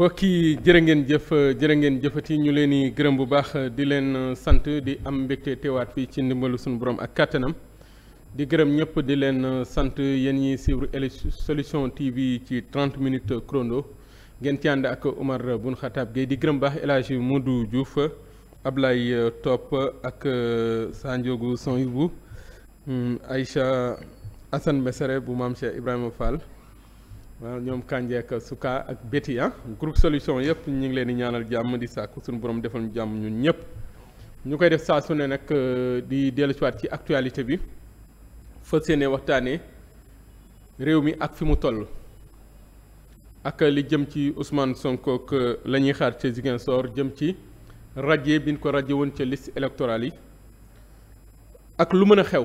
mbokk yi jërë ngeen jëf jërë ngeen jëfati ñu leen di gërëm bu baax di leen sant di am mbégte teewaat fii ci ndimbalu suñu borom ak kàttanam di gërëm ñëpp di leen sant yéen ñi suivre solution TV ci 30 minutes chrono ngeen ci ànd ak Omar Bun Khatab Gueye di gërëm baax El Hadj Modou Diouf Ablaye topp ak euh, Sanjogu Sonibou hmm, Aïcha Assane Mesere bu maam Cheikh Ibrahima Fall. waaw ñoom Kandji ak Souka ak Betty ah groupe solution yëpp ñu ngi leen di ñaanal jàmm di sàkku suñu borom defal ñu jàmm ñun ñëpp ñu koy def saa ne nag euh, di dellusiwaat ci actualité bi fas yéene waxtaanee réew mi ak fi mu toll ak li jëm ci Ousmane Sonko ak euh, la ñuy xaar ca Ziguinchor jëm ci radié bi ñu ko radié woon ca liste électorale yi ak lu mën a xew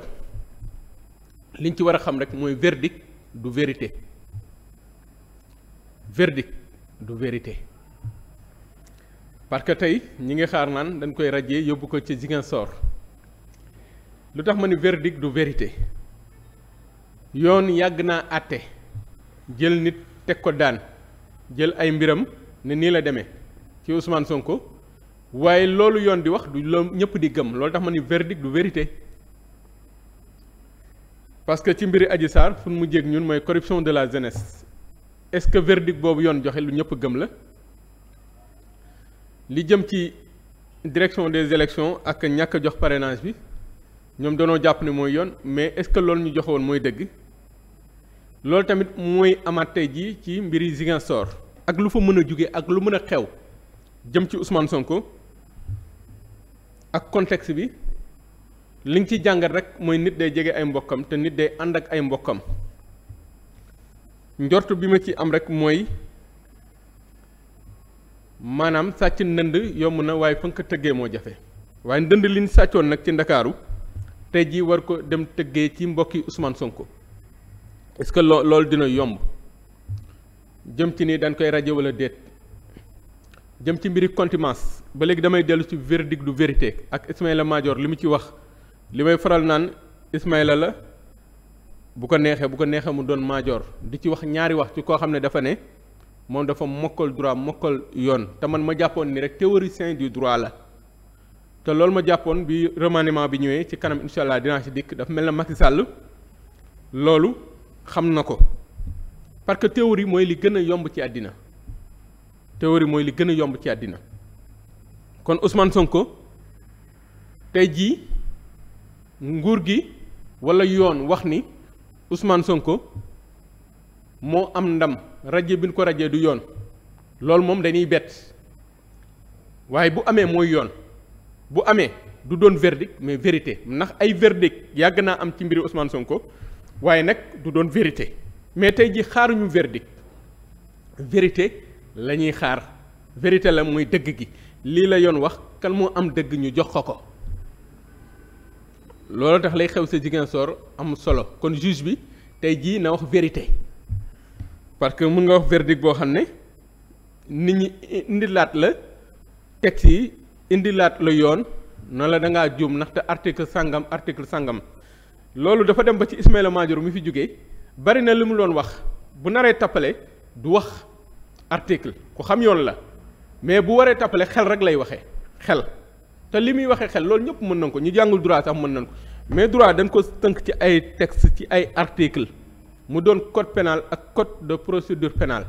liñ ci war a xam rek mooy verdict du vérité. verdict du vérité parce que tey ñi ngi xaar naan dañ koy rajee yóbbu ko ci Ziguinchor lu tax ma ni verdict du verité yoon yàgg naa àtte jël nit teg ko daan jël ay mbiram ne nii la demee ci Ousmane Sonko waaye loolu yoon di wax du la ñëpp di gëm loolu tax ma ni verdict du vérité parce que ci mbiri Adji Sarr fu mu mujjee ñun mooy corruption de la jeunesse est-ce que verdict boobu yoon joxe lu ñëpp gëm la li jëm ci direction des élections ak ñàkk jox parenage bi ñoom danoo jàpp ne mooy yoon mais est-ce que loolu ñu joxewoon mooy dégg loolu tamit mooy amaat tey jii ci mbiri Ziguinchor ak lu fa mën a jóge ak lu mën a xew jëm ci Ousmane Sonko ak contexte bi li nga ci jàngat rek mooy nit day jege ay mbokkam te nit day ànd ak ay mbokkam njort bi ma ci am rek mooy maanaam sàcc ndënd yomb na waaye fa ko tëggee moo jafe waaye ndënd liñ sàccoon nag ci ndakaaru tey jii war ko dem tëggee ci mbokki Ousmane Sonko est-ce que loo loolu dina yomb jëm ci ni dañ koy rajo walla déet jëm ci mbiri contumace ba léegi damay dellu ci verdict du vérité ak Ismaïla Madior li mu ci wax li may faral naan Ismaïla la bu ko neexee bu ko neexee mu doon maajoor di ci wax ñaari wax ci koo xam ne dafa ne moom dafa mokkal droit mokkal yoon te man ma jàppoon ni rek téwéri théoricien du droit la te loolu ma jàppoon bi remaniement bi ñëwee ci kanam incha allah dinaa ci dikk dafa mel na Macky Sall loolu xam na ko parce que théorie mooy li gën a yomb ci àddina théorie mooy li gën a yomb ci àddina kon usman Ousmane ko tey jii nguur gi walla yoon wax ni Ousmane Sonko moo am ndam rajee bi ñu ko rajee du yoon loolu moom dañuy bett waaye bu amee mooy yoon bu amee du doon verdict mais vérité ndax ay verdict yàgg naa am ci mbiri Ousmane Sonko waaye nag du doon vérité mais tey ji xaaruñu verdict vérité la ñuy xaar vérité la muy dëgg gi lii la yoon wax kan moo am dëgg ñu jox ko ko loolu tax lay xew sa jigéen soor am solo kon juge bi tey jii na wax vérité parce que mun nga wax verdict boo xam ne nit ñi indi laat la texte yi laat la yoon na la da ngaa juum ndaxte article sangam article sangam loolu dafa dem ba ci Ismaïla Madior mi fi jógee bari na li mu doon wax bu naree tappale du wax article ku xam yoon la mais bu waree tappale xel rek lay waxee xel te li muy waxee xel loolu ñëpp mën nañ ko ñu jàngul droit sax mën nañ ko mais droit dañ ko tënk ci ay texte ci ay article mu doon code penal ak code de procédure penal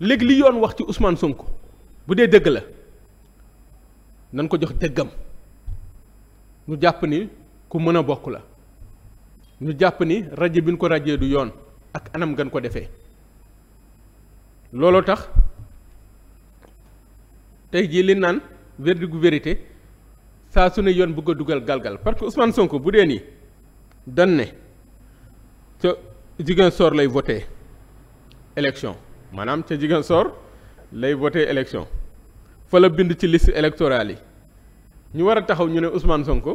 léegi li yoon wax ci Ousmane Sonko bu dee dëgg la nañ ko jox dëggam ñu jàpp ni ku mën a bokk la ñu jàpp ni rajo bi ñu ko rajee du yoon ak anam gan ko defee looloo tax tey jii li naan verdict gu vérité saa su ne yoon bëgg a dugal galgal parce que Ousmane Sonko bu dee nii dan ne ca Ziguinchor lay voté élection maanaam ca Ziguinchor lay voté élection fa la bind ci liste électorale yi ñu war a taxaw ñu ne Ousmane Sonko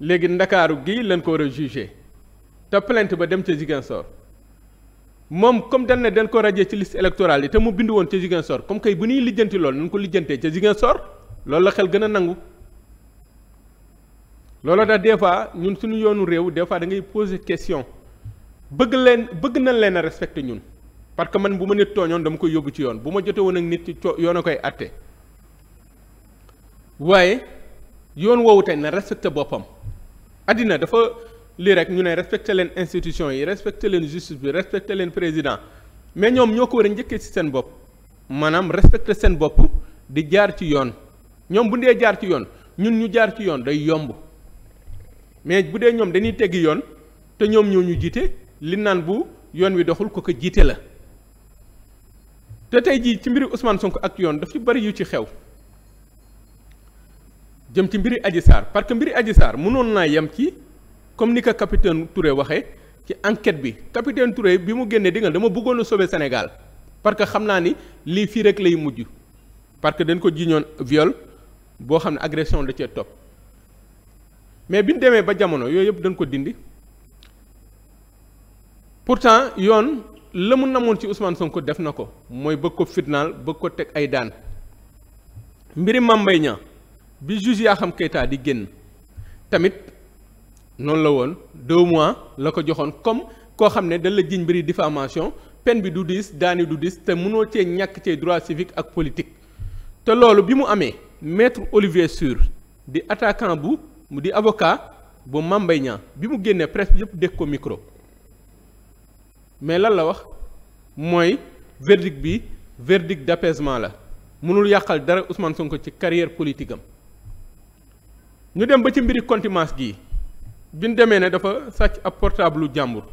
léegi ndakaaru gi lañ ko war a jugé te plainte ba dem ca Ziguinchor moom comme dañ ne dañ ko rajee ci liste électorale yi te mu bind woon ca Ziguinchor comme kay bu ñuy lijjanti lool nañ ko lijjantee ca Ziguinchor loolu la xel gën a nangu looloo tax des fois ñun suñu yoonu réew des fois da ngay poser question bëgg leen bëgg nañ leen a respecté ñun parce que man bu ma nit tooñoon dama koy yóbbu ci yoon bu ma jotee woon ak nit ci yoon a koy atte waaye yoon woowu tey na respecté boppam àddina dafa lii rek ñu ne respecté leen institution yi respecté leen justice bi respecté leen président mais ñoom ñoo ko war a njëkkee ci seen bopp maanaam respecté seen bopp di jaar ci yoon ñoom bu dee jaar ci yoon ñun ñu jaar ci yoon day yomb mais bu dee ñoom dañuy teggi yoon te ñoom ñoo ñu jiite li naan bu yoon wi doxul ko ko jiite la te tey jii ci mbiri Ousmane Sonko ak yoon daf bari yu ci xew jëm ci mbiri Adji Sarr parce que mbiri aji saar mënoon naa yem ci comme ni ko capitaine Touré waxee ci enquête bi capitaine Touré bi mu génnee dinga nga dama bëggoon a sauver Sénégal parce que xam naa ni lii fii rek lay mujj parce que dañ ko jiiñoon viol boo xam ne agression da cee topp mais bi ñu demee ba jamono yooyu yëpp dañ ko dindi pourtant yoon la mu namoon ci son ko def na ko mooy bëgg ko fitnaal bëgg ko teg ay daan mbiri Mame Mbaye bi juge yaa xam Keita di génn tamit noonu la woon deux mois la ko joxoon comme koo xam ne dañ la jiñ mbiri diffamation pen bi du diis daani du diis te mënoo cee ñàkk cee droit civique ak politique te loolu bi mu amee maître Olivier Sur di attaquant bu mu di avocat bu Mame bi mu génnee presque bi yëpp dégg ko micro mais lan la wax mooy verdict bi verdict d'apaisement la mënul yàqal dara Ousmane Sonko ci carrière politique am ñu dem ba ci mbiri contumace gi bi ñu demee ne dafa sàcc ab portable jàmbur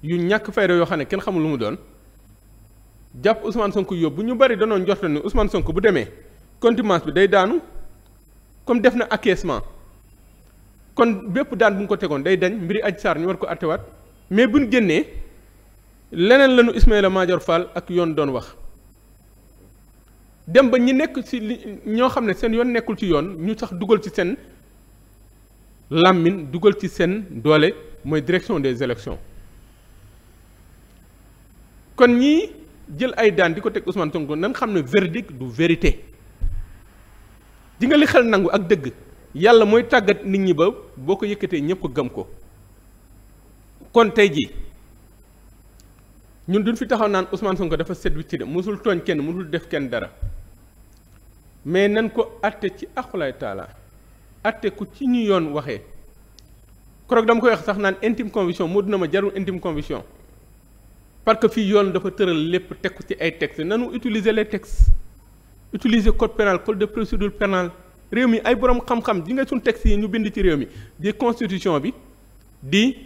yu ñàkk fayda yoo xam ne kenn xamul lu mu doon jàpp Ousmane Sonko yóbbu ñu bari danoon njort ne Ousmane Sonko bu demee contumace bi day daanu comme def na acquiescement kon bépp daan bu ñu ko tegoon day dañ mbiri Adji Sarr ñu war ko attewaat mais bu ñu génnee leneen lañu Ismaïla Madior Fall ak yoon doon wax dem ba ñi nekk ci li ñoo xam ne seen yoon nekkul ci yoon ñu sax dugal ci seen làmmiñ dugal ci seen doole mooy direction des élections kon ñii jël ay daan di ko teg Ousmane Sonko nan xam ne verdict du vérité di nga li xel nangu ak dëgg yàlla mooy tàggat nit ñi ba boo ko yëkkatee ñëpp gëm ko kon tey jii ñun duñ fi taxaw naan Ousmane Sonko dafa set wicc de mosul tooñ kenn mosul def kenn dara mais nan ko atte ci aqulaay taala atte ku ci ñu yoon waxee koroog dama koy wax sax naan intime conviction moo dina ma jarul intime conviction parce que fii yoon dafa tëral lépp teg ci ay textes nanu utiliser les textes utiliser code pénal code de procédure pénale réew mi ay boroom xam-xam di nga suñ teg yi ñu bind ci réew mi di constitution bi di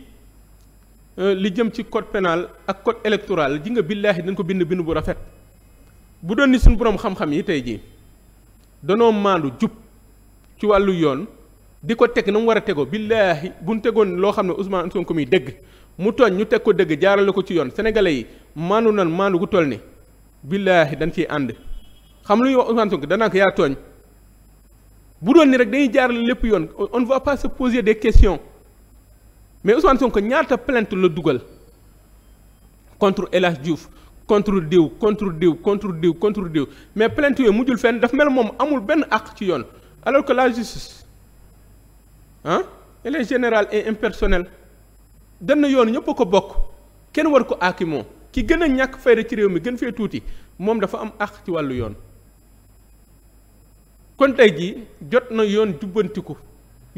euh, li jëm ci code pénal ak code électoral ji nga billaahi dañ ko bind bind bu rafet bu doon ni suñ borom xam-xam yi tey jii danoo maandu jub ci wàllu yoon di ko teg na mu war a tegoo billaahi bu ñu tegoon loo xam ne Ousmane ko muy dëgg mu tooñ ñu teg ko dëgg jaarale ko ci yoon sénégalais yi maandu nan maandu gu toll ni billaahi dañ ciy ànd xam lu ñuy wax Ousmane Sonko danaa ko yaa tooñ bu doon ni rek dañuy jaarale lépp yoon on ne va pas se poser des questions mais Ousmane Sonko ñaata plainte la dugal contre El Hadj Diouf contre diw contre diw contre diw contre diw mais plainte yooyu mujjul fenn daf mel moom amul benn àq ci yoon alors que la justice ah elle est générale et impersonnelle dana yoon ñëpp ko bokk kenn war ko aaki ki gën a ñàkk fayda ci réew mi gën fee tuuti moom dafa am àq ci wàllu yoon kon tey jii jot na yoon jubbantiku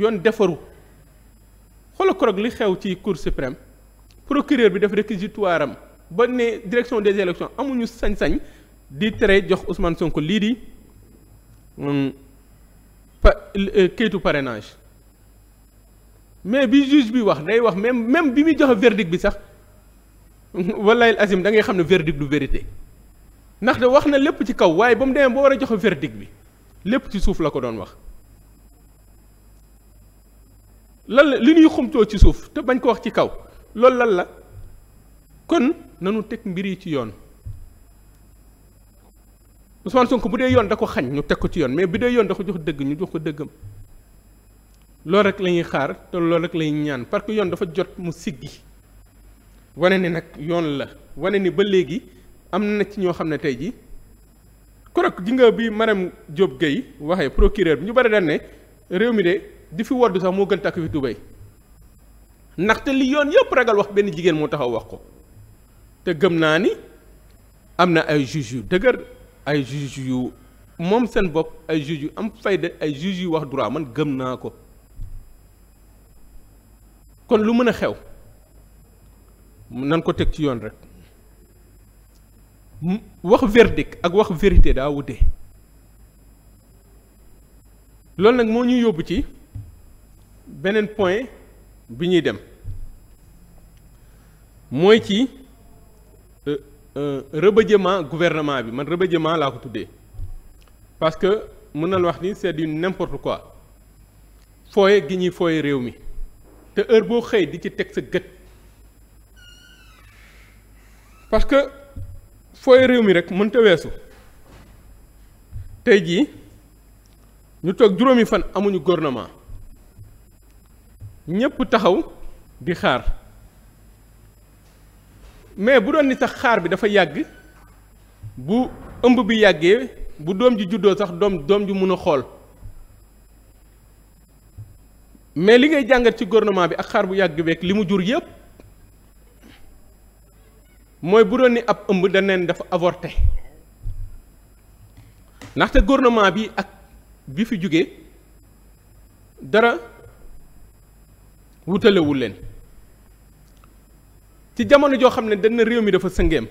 yoon defaru xoola korog li xew ci cour suprême procureur bi dafa réquisitoire am ba ne direction des élections amuñu sañ-sañ di tere jox Ousmane Sonko lii di euh, kayitu parrainage mais bi juge bi wax day wax même même bi muy joxe verdict bi sax wallahi azim da ngay xam ne verdict du vérité ndax de wax na lépp ci kaw waaye ba mu demee ba war a joxe verdict bi lépp ci suuf la ko doon wax lal la li ñuy xumtoo ci suuf te bañ ko wax ci kaw lool lan la kon nanu teg mbir yi ci yoon Ousmane Sonko bu dee yoon da ko xañ ñu teg ko ci yoon mais bi dee yoon da ko jox dëgg ñu jox ko dëggam loolu rek lañuy xaar te loolu rek la ñaan parce que yoon dafa jot mu siggi wane ni nag yoon la wane ni ba léegi am na ci ñoo xam ne tey ji korok ji nga bi Marème Diop Gueye waxee procureur bi ñu bari daan ne réew mi de di fi wodd sax moo gën takk fi tubéy ndaxte li yoon yëpp ragal wax benn jigéen moo taxaw wax ko te gëm naa ni am na ay juge yu dëgër ay juge yu moom seen bopp ay juge yu am fayda ay juge yu wax droit man gëm naa ko kon lu mën a xew nan ko teg ci yoon rek wax verdict ak wax vérité daa wute loolu nag moo ñuy yóbbu ci beneen point bi ñuy dem mooy ci euh, euh, rebëjëment gouvernement bi man rebëjëment laa ko tuddee parce que mën nañ wax ni c'est du n'importe quoi fooye gi ñuy fooye réew mi te heure boo xëy di ci teg sa gët parce fooy réew mi rek mënta weesu tey jii ñu toog juróomi fan amuñu gouvernement ñépp taxaw di xaar mais bu doon ni sax xaar bi dafa yàgg bu ëmb bi yàggee bu doom ji juddoo sax doom doom ju mën a xool mais li ngay jàngat ci gouvernement bi ak xaar bu yàgg beeg li mu jur yépp mooy bu doon ni ab ëmb da neen dafa avorté ndaxte gouvernement bi ak bi fi jógee dara wutalewul leen ci jamono joo xam ne dañ réew mi dafa sëngeem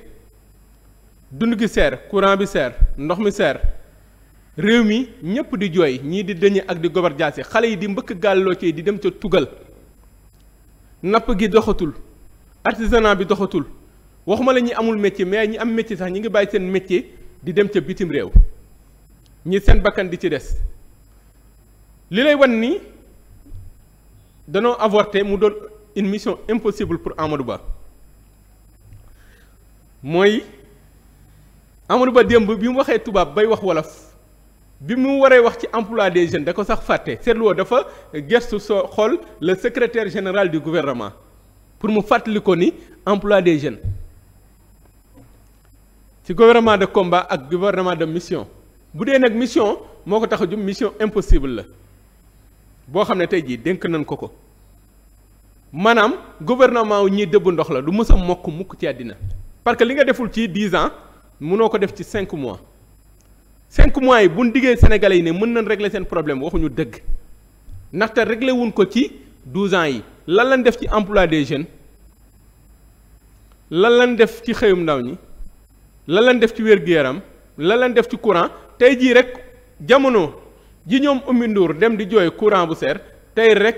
dund gi seer courant bi seer ndox mi seer réew mi ñëpp di jooy ñii di dëñe ak di gobar jaasi xale yi di mbëkk gàlloo ci di dem ca tugal napp gi doxatul artisanat bi doxatul waxuma la ñi amul métier mais ñi am métier sax ñi ngi bàyyi seen métier di dem ca bitim réew ñi seen bakkan di ci des li lay wan ni danoo avorté mu doon une mission impossible pour Amadou Ba mooy Amadou Ba démb bi mu waxee tubaab bay wax wolof bi mu waree wax ci emploi des jeunes da ko sax fàtte seetluwoo dafa gestu soo xool le secretaire général du gouvernement pour mu fàttali ko ni emploi des jeunes ci gouvernement de combat ak gouvernement de mission bu dee nag mission moo ko tax a jub mission impossible la boo xam ne tey jii dénk nañ ko ko maanaam gouvernement wu ñiy dëbb ndox la du mës a mokk mukk ci àddina parce que li nga deful ci dix ans mënoo ko def ci cinq mois cinq mois yi bu ñu diggee Sénégalais yi ne mën nañ régler seen problème waxuñu dëgg ndaxte réglé wuñ ko ci douze ans yi lan lañ def ci emploi des jeunes lan lañ def ci xëyum ndaw ñi. la leen def ci wér-gu-yaram la leen def ci courant tey jii rek jamono ji ñoom Oumy Ndour dem di jooy courant bu seer tey rek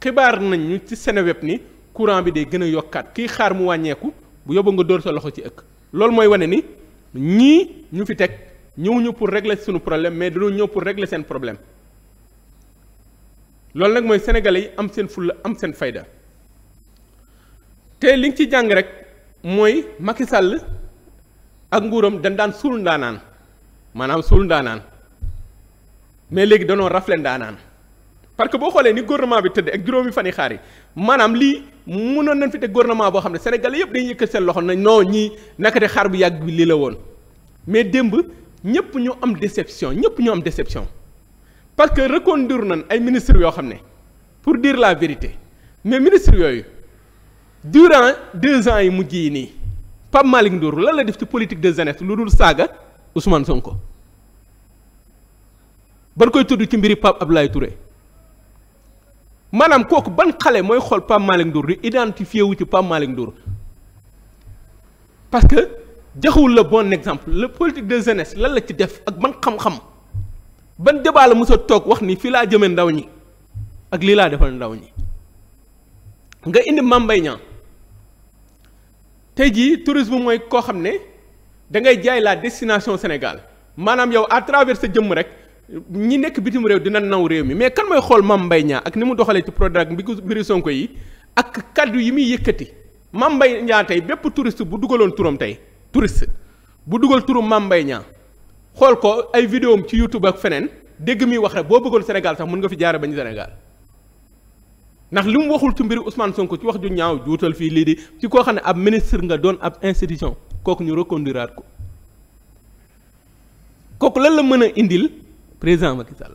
xibaar nañ ñu ci Seneweb ni courant bi day gën a yokkaat kii xaar mu wàññeeku bu yóbbu nga dóor sa loxo ci ëkk loolu mooy wane ni ñii ñu fi teg ñëwuñu pour régler suñu problème mais dañoo ñëw pour la seen problème loolu nag mooy sénégalais yi am seen fulla am seen fayda te li ci jàng rek mooy Macky Sall ak nguuram dañ daan suul ndaanaan maanaam suul ndaanaan mais léegi danoo rafle ndaanaan parce que boo xoolee ni gouvernement bi tëdd ak juróomi fan yi xaar yi maanaam lii mënoon nañ fi te gouvernement boo xam ne Sénégalais yëpp dañuy yëkkat seen loxo na non ñii nakate xaar bu yàgg bi lii la woon mais démb ñëpp ñu am déception ñëpp ñu am déception parce que reconduire nañ ay ministres yoo xam ne pour dire la vérité mais ministres yooyu durant deux ans yi mujj yi nii Pape Malick Ndour lan la def ci politique de jeunesse lu dul saaga Ousmane Sonko ban koy tudd ci mbiri Pape Abdoulaye Touré maanaam kooku ban xale mooy xool Pape Malick Ndour di identifié wu ci Pape Malick parce que joxewul le bon exemple la politique de jeunesse lan la ci def ak ban xam-xam ban débat la mos toog wax ni fii laa jëmee ndaw ñi ak lii laa defal ndaw ñi nga indi Mame tey jii tourisme mooy koo xam ne da ngay jaay la destination Sénégal maanaam yow à travers sa jëmm rek ñi nekk bitim réew dina naw réew mi mais kan mooy xool mam mbay ñaa ak ni mu doxalee ci Prodac bi biir Sonko yi ak kàddu yi muy yëkkati Mame Mbaye Niang tey bépp touriste bu dugaloon turam tey touriste bu dugal turum mam mbay ñaa xool ko ay vidéom ci YouTube ak feneen dégg muy wax rek boo bëggoon Sénégal sax mën nga fi jaare bañ Sénégal ndax li mu waxul ci mbiri Ousmane ko ci wax ju ñaaw juutal fii lii di ci koo xam ne ab ministre nga doon ab institution kooku ñu reconduiraat ko kooku lan la mën a indil président Macky Sall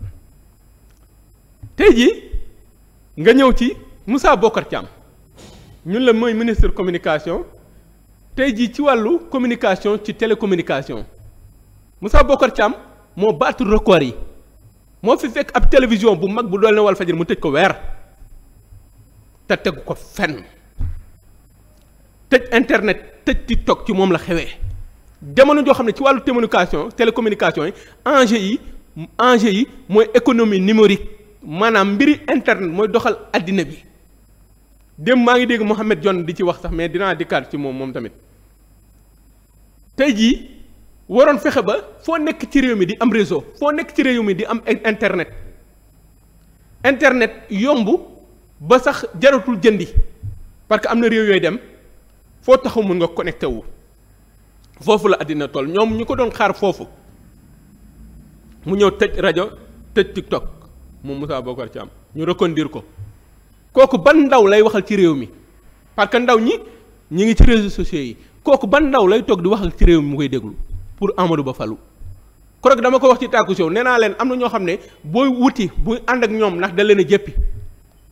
tey jii nga ñëw ci Moussa bokkar Thiam ñun la mooy ministre communication tey jii ci wàllu communication ci télécommunication musaa bokkar cam moo baatu record yi moo fi fekk ab télévision bu mag bu dool ne Walfadjri mu tëj ko weer te tegu ko fenn tëj internet tëj TikTok ci moom la xewee jamono joo xam ne ci wàllu télécommunication télécommunication yi enjeu yi enjeu yi mooy économie numérique maanaam mbiri internet mooy doxal àddina bi démb maa ngi dégg Mohamed John di ci wax sax mais dinaa dikkaat ci moom moom tamit tey jii waroon fexe ba foo nekk ci réew mi di am réseau foo nekk ci réew mi di am internet internet yomb ba sax jaratul jëndi parce que am na réew yooy dem foo taxaw mun nga connecté wu foofu la àddina toll ñoom ñu ko doon xaar foofu mu ñëw tëj rajo tëj TikTok moom Moussa ci am ñu reconduire ko kooku ban ndaw lay waxal ci réew mi parce que ndaw ñi ñi ngi ci réseaux sociaux yi kooku ban ndaw lay toog di waxal ci réew mi mu koy déglu pour Amadou Ba falu korog dama ko wax ci tàkku sow nee naa leen am na ñoo xam ne booy wuti buy ànd ak ñoom ndax da leen a jëppi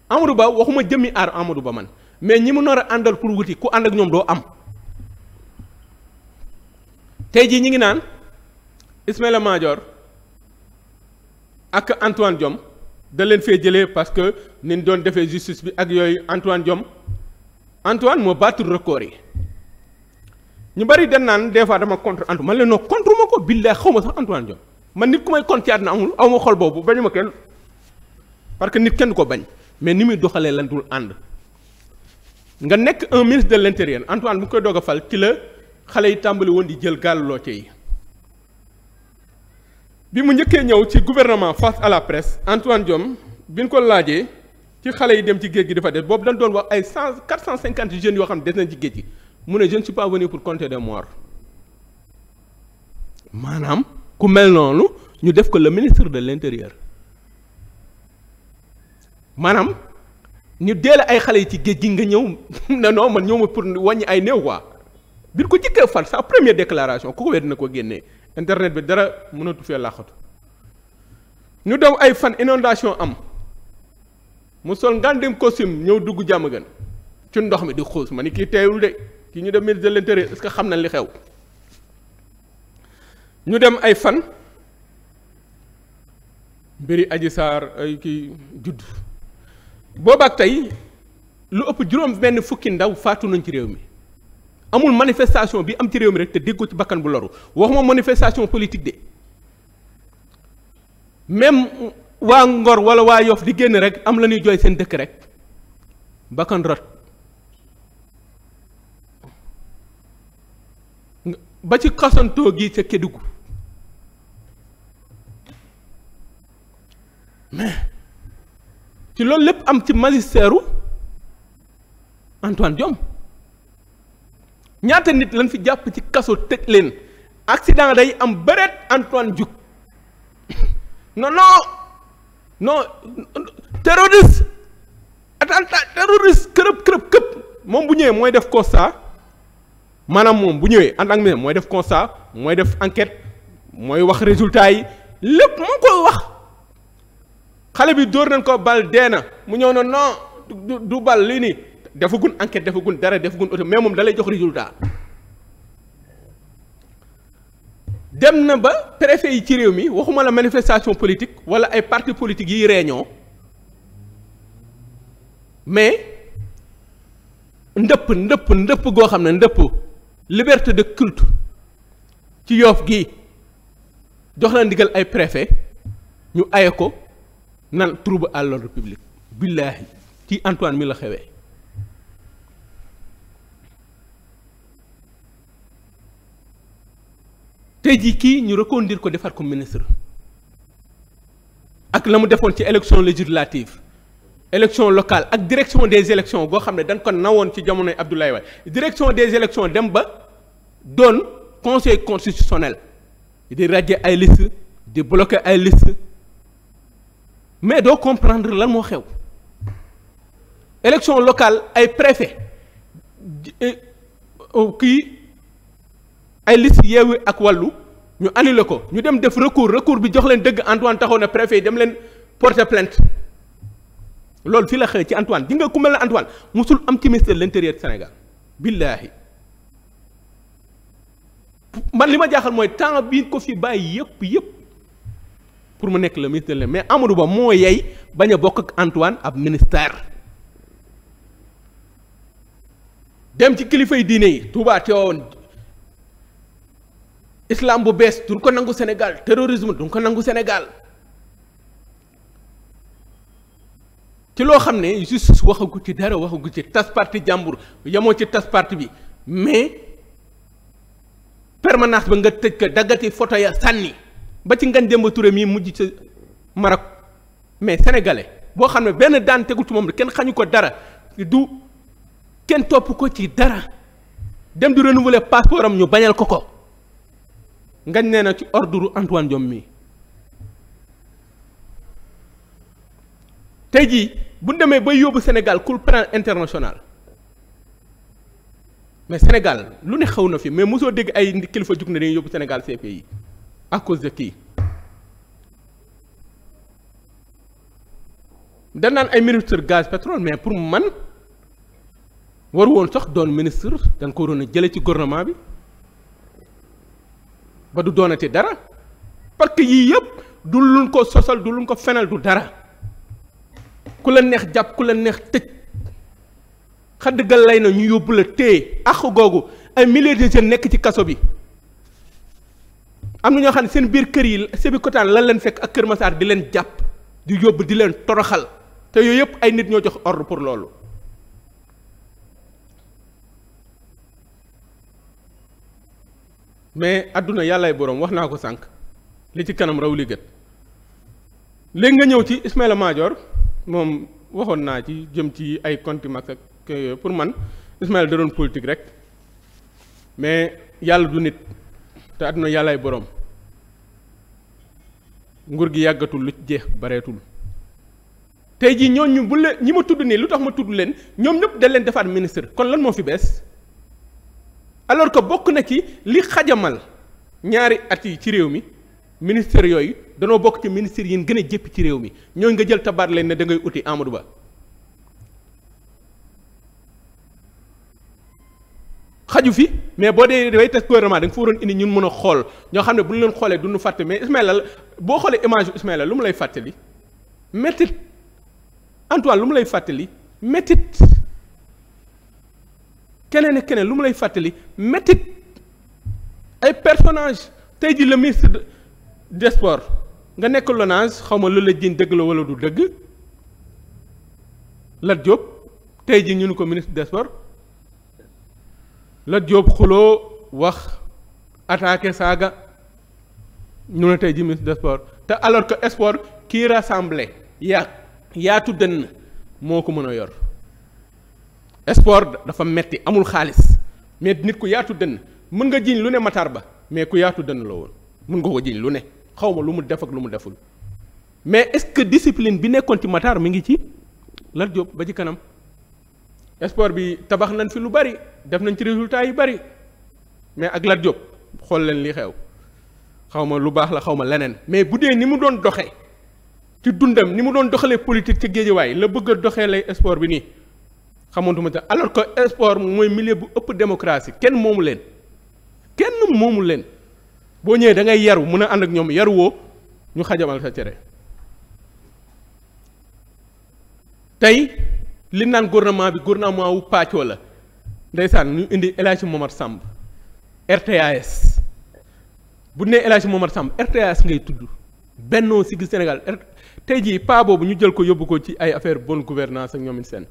Amadou Ba waxuma jëmmi aar Amadou Ba man mais ñi mu nar a àndal pour wuti ku ànd ak ñoom doo am tey jii ñi ngi naan Ismaïla Madior ak Antoine Diome da leen fee jëlee parce que ni doon defee justice bi ak yooyu Antoine jom Antoine moo battu record yi ñu bari den naan des fois dama contre Antoine man leen noo contre ma ko billaay xaw ma sax Antoine Diome man nit ku may contre ci àddina amul aw ma xol boobu bañu ma kenn parce que nit kenn ko bañ. mais ni muy doxalee lan dul ànd nga nekk un ministre de l'intérieur Antoine bu koy doog fal ci la xale yi tàmbali woon di jël gaalu looce yi bi mu njëkkee ñëw ci gouvernement face à la presse Antoine Diome bi ñu ko laajee ci xale yi dem ci géej gi dafa des boobu dañ doon wax ay cent quatre cent cinquante jeunes yoo xam ne des na ci géej gi mu ne je ne suis pour compter des morts maanaam ku mel noonu ñu def ko le ministre de l'intérieur. maanaam ñu deele ay xale yi ci géej gi nga ñëw ne non man ñëw ma pour wàññi ay néew quoi biir ko jëkkee fan sa première déclaration ku ko wér dina ko génnee internet bi dara mënatu fee laaxatu ñu dem ay fan inondation am mu sol ngàndim costume ñëw dugg jàmm gan ndox mi di xuus ma ni kii teewul kii ñu de l'intérieur est-ce que xam nañ li xew dem ay fan mbiri aji saar ay kii judd boobaak tey lu ëpp juróom benn fukki ndaw faatu nañ ci réew mi amul manifestation bi am ci réew mi rek te déggoo ci bakkan bu loru waxuma manifestation politique de même waa Ngor wala waa Yoff di génn rek am la ñuy jooy seen dëkk rek bakkan rot ba ci xasantoo gi ca Kédougou mais ci loolu lépp am ci magistère u Antoine Diome ñaata nit lañ fi jàpp ci kaso tëj leen accident day am bëreet Antoine jug non no non terroriste attentat terroriste kërëb kërëb këpp moom bu ñëwee mooy def constat maanaam moom bu ñëwee en ak que mooy def constat mooy def enquête mooy wax résultat yi lépp moo koy wax xale bi dóor nañ ko bal dee na mu ñëw na noo du du bal lii nii defagun enquête defagun dara defagun auto mais moom da lay jox résultat dem na ba préfet yi ci réew mi waxuma la manifestation politique wala ay parti politique yiy réunion mais ndëpp ndëpp ndëpp goo xam ne ndëpp liberté de culte ci yoof gi jox la ndigal ay préfet ñu aye ko nan trouble à l'ordre public billaahi ci Antoine mi la xewee tey jii kii ñu reconduire ko defar ko ministre ak la mu defoon ci élection législative élection locale ak direction des élections goo xam ne dañ ko nawoon ci jamonoy Abdoulaye Wade direction des élections dem ba doon conseil constitutionnel di raje ay list di bloquer ay list mais doo comprendre lan moo xew élection locale ay préfet eh, oh, kii ay liste yeewi ak wàllu ñu annulé ko ñu dem def recours recours bi jox leen dëgg Antoine taxaw na préfet yi dem leen porter plainte loolu fii la xëy ci Antoine di nga ku mel ne Antoine mosul am ci ministère de l'intérieur Sénégal billaahi man li ma jaaxal mooy temps bi ko fi bàyyi yëpp yëpp pour mu nekk la ministre mais Amadou Ba moo yey bañ a bokk ak Antoine ab ministère dem ci kilifay diine yi Touba Tivaouane islam bu bees duñ ko nangu Sénégal terrorisme duñ ko nangu Sénégal ci loo xam ne justice waxagu ci dara waxagu ci tasparti jàmbur yemoo ci tasparti bi mais permanence ba nga tëj ko daggati photo ya sànni ba ci Ngagne Demba Touré mii mujj ca Maroc mais sénégalais boo xam ne benn daan tegul ci moom kenn xañu ko dara du kenn topp ko ci dara dem di renouveler passeport am ñu bañal ko ko Ngagne nee na ci ordre Antoine Diome mi tey jii bu ñu demee bay yóbbu Sénégal sur le plan mais Sénégal lu ne xew na fi mais mosoo dégg ay kilifa jug na dañuy yóbbu Sénégal CFA yi à cause de kii da naan ay ministre gaz pétrole mais pour man war woon sax doon ministre dañ ko waroon a jële ci gouvernement bi ba du doonati dara parce que yii yëpp du luñ ko sosal du luñ ko fenal du dara ku la neex jàpp ku la neex tëj xadd gal lay na ñu yóbbu la téye ak googu ay milliers de jeunes nekk ci kaso bi am na ñoo xam ne seen biir kër yi Sébikotane lan leen fekk ak Kër Massar di leen jàpp di yóbbu di leen toroxal te yooyu yëpp ay nit ñoo jox ordre pour loolu mais àdduna yàllaay boroom wax naa ko sànq li ci kanam raw li gët léegi nga ñëw ci Ismaïla Madior moom waxoon naa ci jëm ci ay contumace ak pour man Ismaïla da doon politique rek mais yàlla du nit te àdduna yàllaay boroom nguur gi yàggatul lu jeex bareetul tey jii ñooñu bu leen ñi ma tudd nii lu tax ma tudd leen ñoom ñëpp dañ leen defaat ministre kon lan moo fi bees alors que bokk na ci li xajamal ñaari at yi ci réew mi ministère yooyu danoo bokk ci ministère yi gën a jëpp ci réew mi ñooñu nga jël tabaat leen ne dangay uti Amadou Ba. xaju fi mais boo dee dafay tas gouvernement da nga fa waroon indi ñun mën a xool ñoo xam ne bu ñu leen xoolee duñu fàtte mais Ismaïla boo xoolee image Ismaïla lu mu lay fàttali métit Antoine lu mu lay fàttali métit keneen lu mu lay fàttali métit ay personnage tey ji le ministre des sports nga nekk LONASE xaw ma lu la jiñ dëgg la wala du dëgg Lat Diop tey ji ñu ni ko ministre des sports Lat Diop xuloo wax attaqué saaga ñu ne tey ji ministre de sport te alors que sport kii rassemblé yaa yaatu dënn moo ko mën a yor sport dafa metti amul xaalis mais nit ku yaatu dënn mën nga jiñ lu ne Matar Ba mais ku yaatu dënn la woon mën nga ko jiñ lu ne xaw ma lu mu def ak lu mu deful mais est-ce que discipline bi nekkoon ci Matar mi ngi ci Lat Diop ba ci kanam sport bi tabax nañ fi lu bari def nañ ci résultat yi bari mais ak Lat Diop xool leen li xew xaw ma lu baax la xaw ma leneen mais bu dee ni mu doon doxee ci dundam ni mu doon doxalee politique ci géejewaay la bëgg a doxee lay sport bi nii xamantuma te alors que sport mooy milieu bu ëpp démocratie kenn moomu leen kenn moomu leen boo ñëwee da ngay yaru mun a ànd ak ñoom yaru woo ñu xajamal sa cere tey li naan gouvernement bi gouvernement wu pàccoo la ndeysaan ñu indi El Hadj Momar Samb RTAS bu ne El Hadj Momar Samb RTAS ngay tudd Bennoo Siggil Sénégal tey jii paabo bu ñu jël ko yóbbu ko ci ay affaire bonne gouvernance ak ñoom seen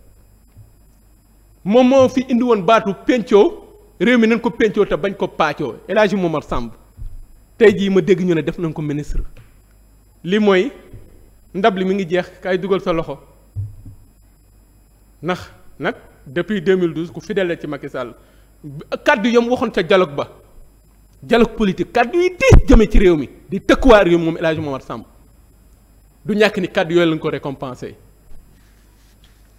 moom moo fi indi woon baatu pencoo réew mi nañ ko pencoo te bañ ko paacoo El Hadj Momar Samb tey jii ma dégg ñu ne def nañ ko ministre li mooy ndab li mi ngi jeex kay dugal sa loxo ndax nag depuis 2012 ku fidèle ci Macky Sall kaddu yam waxoon ca dialogue ba dialogue politique kaddu yi diis jëmee ci réew mi di tëkkuwaay réew moom El Hadj Momar Samb du ñàkk ni kaddu yooyu lañ ko récompensé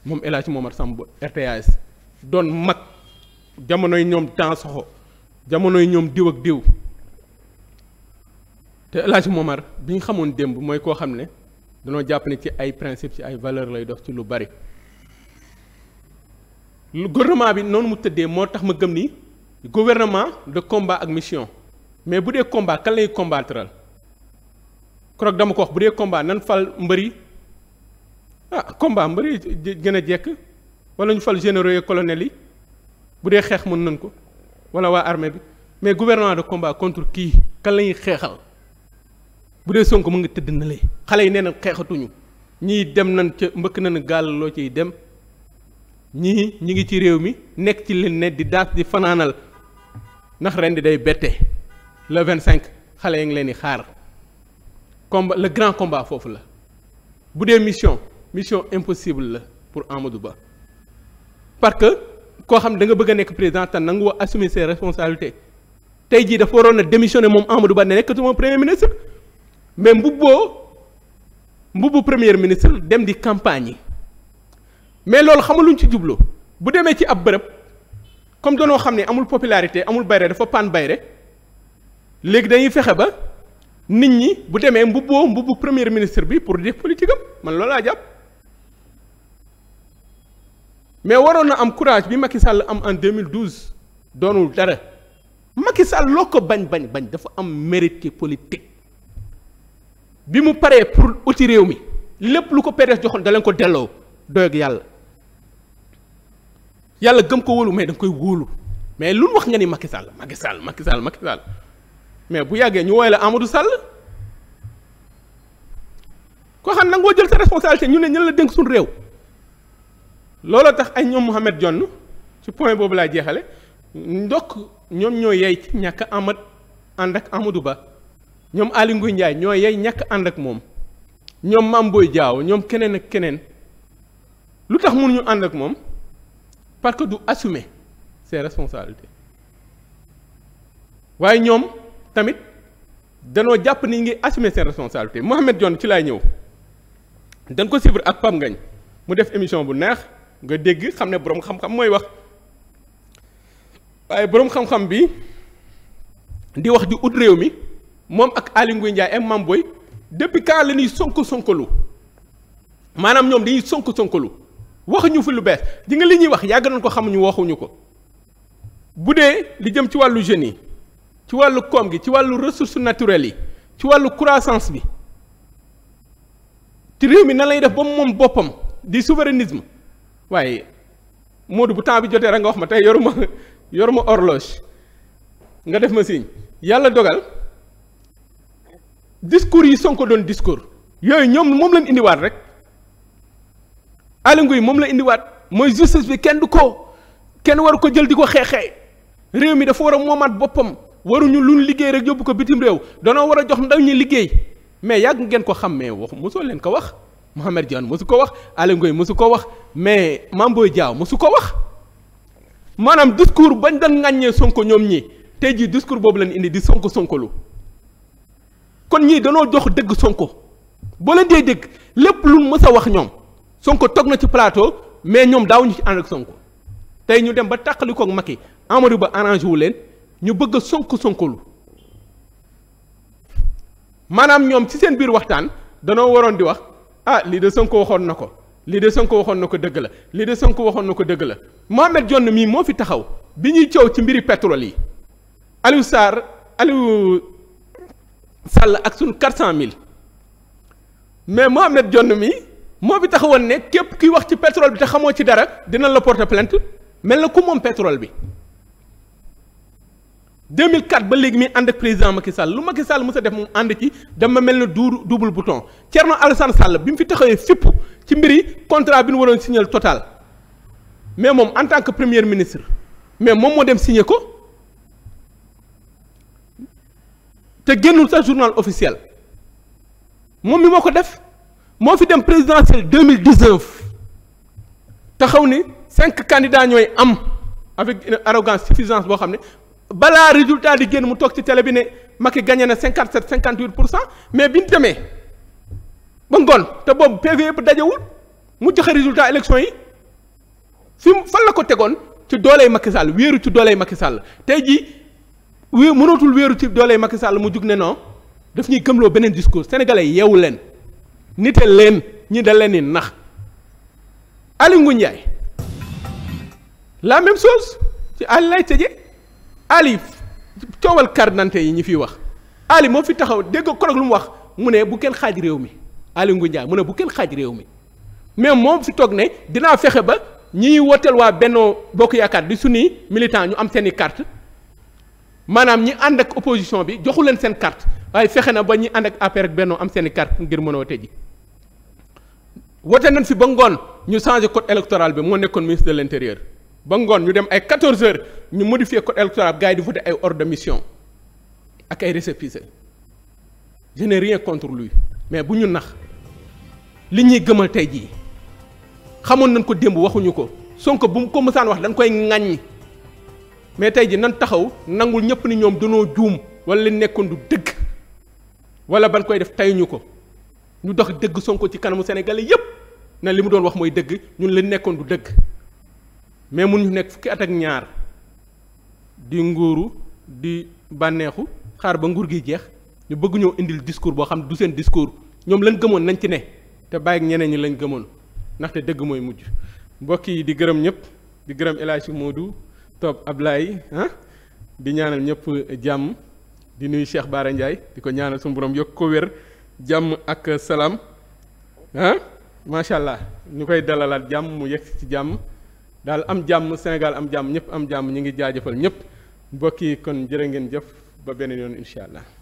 moom El Hadj Momar Samb RTS doon mag jamonoy ñoom temps soxo jamonoy ñoom diw ak diw te El Hadj Momar bi ñu xamoon démb mooy koo xam ne danoo jàpp ne ci ay principe ci ay valeur lay dox ci lu bari lu gouvernement bi noonu mu tëddee moo tax ma gëm ni gouvernement de combat ak mission mais bu dee combat kan lay combattre keroog dama ko wax bu dee combat nan fal mbëri ah combat mbëri gën a jekk wala ñu fal généraux yi colonels yi bu dee xeex mën nañ ko wala waa armée bi mais gouvernement de combat contre kii kan la ñuy xeexal bu dee Sonko mun ngi tëdd na lay xale yi nee na xeexatuñu ñiy dem nañ ca mbëkk nañ gaal loo ciy dem. ñii ñi ngi ci réew mi nekk ci leen ne di daas di fanaanal ndax ren di day bette le vingt cinq xale yaa ngi leen di xaar combat le grand combat foofu la bu dee mission mission impossible la pour Amadou Ba parce que koo xam da nga bëgg a nekk président te nangu woo assumer ses responsabilités tey jii dafa waroon a démissionner moom Amadou Ba ne nekkatuma premier ministre mais mbubboo mbubbu premier ministre dem di campagne yi mais loolu xamul luñ ci jublu bu demee ci ab bërëb comme danoo xam ne amul popularité amul bayre dafa paan bayre léegi dañuy fexe ba nit ñi bu demee mbubboo mbubbu premier ministre bi pour def politique am man loolu laa jàpp mais waroon na am courage bi Macky Sall am en 2012 doonul dara Macky Sall loo ko bañ bañ bañ dafa am mérite ci politique bi mu paree pour uti réew mi lépp lu ko PDS joxoon da ko delloo doyog yàlla. yàlla gëm ko wóolu mais da koy wóolu mais lu wax nga ni Macky Sall Macky Sall Macky Sall Macky Sall mais bu yàggee ñu woy la Amadou Sall koo xam nangoo jël sa responsabilité ñu ne ñan la dénk suñu réew looloo tax ay ñoom Mouhamed Dionne ci point boobu laa jeexale ndokk ñoom ñoo yey ci ñàkk amat ànd ak Amadou Ba ñoom Aly Ngouille Ndiaye ñoo yey ñàkk ànd ak moom ñoom Mame Boye Diao ñoom keneen ak keneen lu tax munuñu ànd ak moom parce que du assumer ses responsabilités waaye ñoom tamit danoo jàpp ni ngi assumer ses responsabilités Mohamed Dionne ci laay ñëw dañ ko suivre ak Pam Ngañ mu def émission bu neex nga dégg xam ne boroom xam-xam mooy wax waaye boroom xam-xam bi di wax di ut réew mi moom ak Aly Ngouille Ndiaye ak Mame Boye depuis quand la ñuy sonk sonkalu maanaam ñoom dañuy sonk sonkalu waxuñu fi lu bees di nga li ñuy wax yàgg nañ ko xamuñu waxuñu ko bu dee li jëm ci wàllu jeunes yi ci wàllu koom gi ci wàllu ressources naturelles yi ci wàllu croissance bi te réew mi nan lay def ba moom boppam di souverainisme waaye Modou bu temps bi jotee rek nga wax ma tey yoruma yoruma horloge nga def ma signe yàlla dogal discours yi Sonko doon discours yooyu ñoom moom lañ indiwaat rek. Aly Ngouille moom la indiwaat mooy justice bi kenn du ko kenn waru ko jël di ko xeexee réew mi dafa war a moomaat boppam waruñu luñ liggéey rek yóbbu ko bitim réew danoo war a jox ndaw ñi liggéey mais yàgg ngeen ko xam mais wax mosoo leen ko wax Mohamed Dione mosu ko wax Aly Ngouille mosu ko wax mais Mame Boye Diao mosu ko wax maanaam discours bañ doon ŋàññee Sonko ñoom ñi tey jii discours boobu lañ indi di Sonko Sonkolu kon ñii danoo jox dëgg Sonko boo leen dee dëgg lépp luñ mës a wax ñoom Sonko toog na ci plateau mais ñoom daawuñu ci ànd ak Sonko tey ñu dem ba tàqali koog Macky Amadou Ba arrangé wu leen ñu bëgg a Sonko Sonkolu maanaam ñoom ci seen biir waxtaan danoo waroon di wax ah lii de Sonko waxoon na ko lii de Sonko waxoon na ko dëgg la lii de Sonko waxoon na ko dëgg la Mohamed Dionne mii moo fi taxaw bi ñuy coow ci mbiri pétrole yi Aliou Sarr Aliou Sall ak suñu 400000 mais Mohamed Dionne mii. moo bi taxawoon ne képp kiy wax ci pétrole bi te xamoo ci dara dina la porter plainte mel na ku moom pétrole bi 2004 ba léegi mi ànd ak président Macky Sall lu Macky Sall mës a def moom ànd ci dama mel na duuru double bouton Thierno Alassane Sall bi mu fi taxawee fipp ci mbiri contrat bi ñu waroon signé total mais moom en tant que premier ministre mais moom moo dem signé ko te génnul sa journal officiel moom mi moo ko def. moo fi dem présidentielle deux mille dix neuf taxaw ni cinq candidats ñooy am avec une suffisance boo xam ne balaa résultat di génn mu toog ci tele bi ne Macky gagné na cinquante sept cinquante huit pour cent mais bi ñu demee ba ngoon te boobu PV yëpp dajewul mu joxe résultat élection yi fi mu fan la ko tegoon ci dooley Macky Sall wéeru ci dooley Macky Sall tey ji wee mënatul wéeru ci dooley Macky Sall mu jug ne non daf ñuy gëmloo beneen discours sénégalais yeewu leen. nite leen ñi da leen ni nax Aly Ngouille Ndiaye la même chose ci Aly lay tëje Aly coowal carte nante yi ñu fiy wax Aly moo fi taxaw dégg ko lu mu wax mu ne bu kenn xaaj réew mi Aly Ngouille Ndiaye mu ne bu kenn xaaj réew mi mais moo fi toog ne dinaa fexe ba ñiy wooteel waa Benno Bokk Yaakaar di suñuy militant ñu am seen i carte maanaam ñi ànd ak opposition bi joxu leen seen carte waaye fexe na ba ñi ànd ak APR ak Benno am seen i carte ngir mën a ji wote nañ fi ba ngoon ñu changé code électoral bi moo nekkoon ministre de l' ba ngoon ñu dem ay 14 heures ñu modifié code électoral bi gars yi di voté ay orde de mission ak ay récépissé je n'ai rien contre lui mais bu ñu nax li ñuy gëmal tey jii xamoon nañ ko démb waxuñu ko Sonko bu mu ko mësaan wax dañ koy ŋàññi mais tey ji nan taxaw nangul ñëpp ni ñoom danoo juum wala li nekkoon du dëgg wala ban koy def tayuñu ko ñu dox dëgg Sonko ci kanamu Sénégalais yépp na li mu doon wax mooy dëgg ñun lañ nekkoon du dëgg mais mun ñu nekk fukki at ak ñaar di nguuru di bànneexu xaar ba nguur gi jeex ñu bëgg ñoo indil discours boo xam du seen discours ñoom lañ gëmoon nañ ci ne te bàyyi ñeneen ñi lañ gëmoon ndaxte dëgg mooy mujj mbokk yi di gërëm ñëpp di gërëm El moo du toog ab lay ah, di ñaanal ñëpp jàmm di nuyu Cheikh Bara Ndiaye di ko ñaanal suñu borom yokk ko wér jàmm ak salaam ah macha allah ñu koy dalalaat jàmm mu yegg ci jàmm daal am jàmm Sénégal am jàmm ñëpp am jàmm ñu ngi jaajëfal ñëpp mbokk yi kon jërë ngeen jëf ba beneen yoon incha allah.